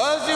was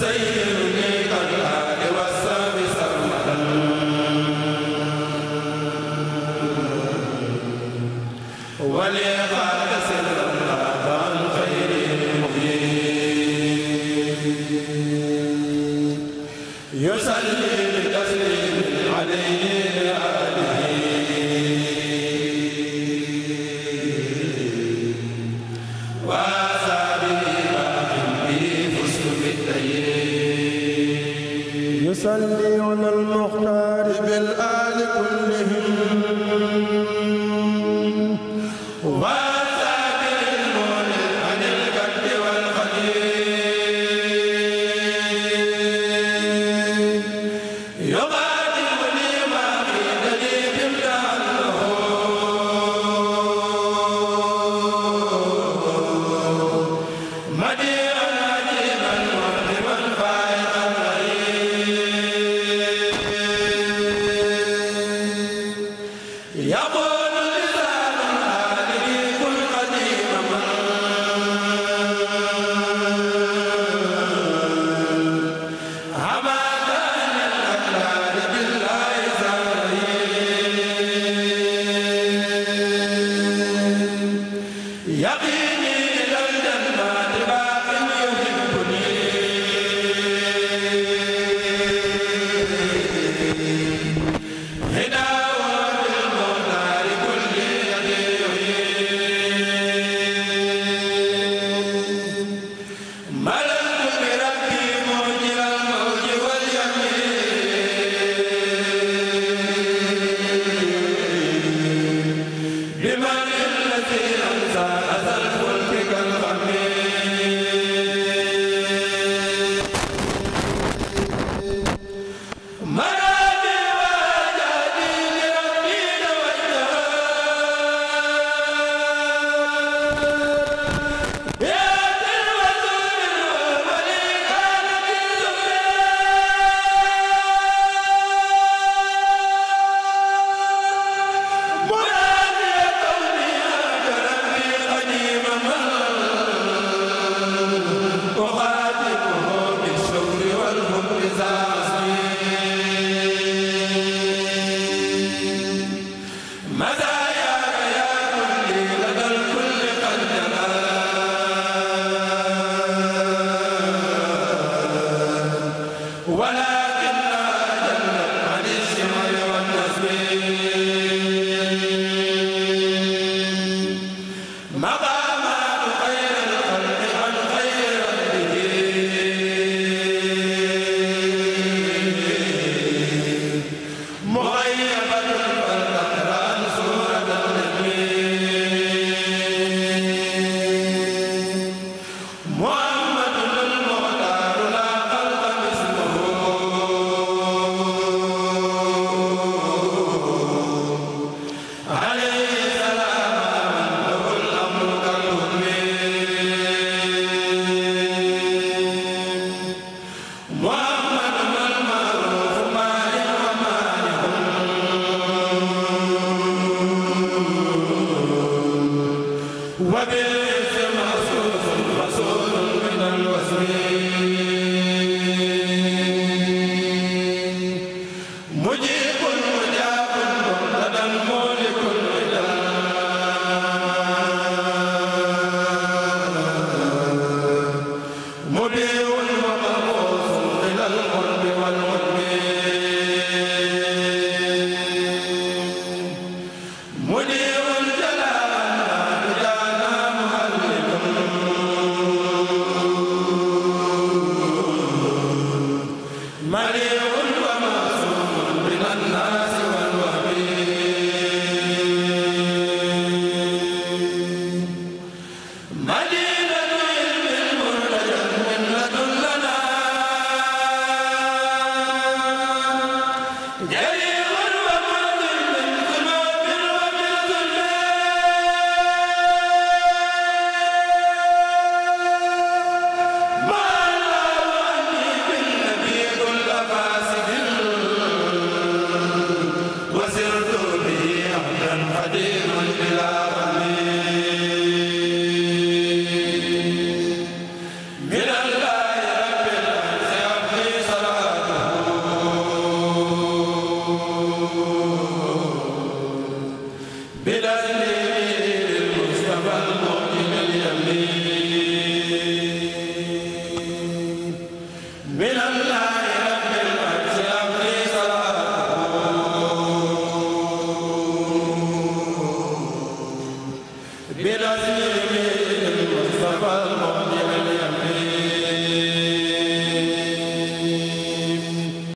zay